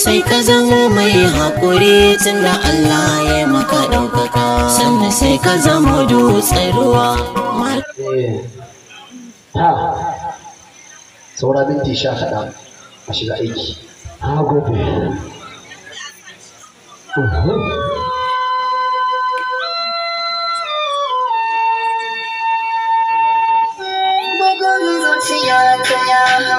sai ka zamo mai haƙuri tunda Allah ya maka ɗaukaka sannan sai ka zamo dutsen ruwa eh, ah, saura minti sha kaɗan a shiga aiki ha gobe Yeah, yeah, no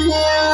Yeah.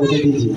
个星期几？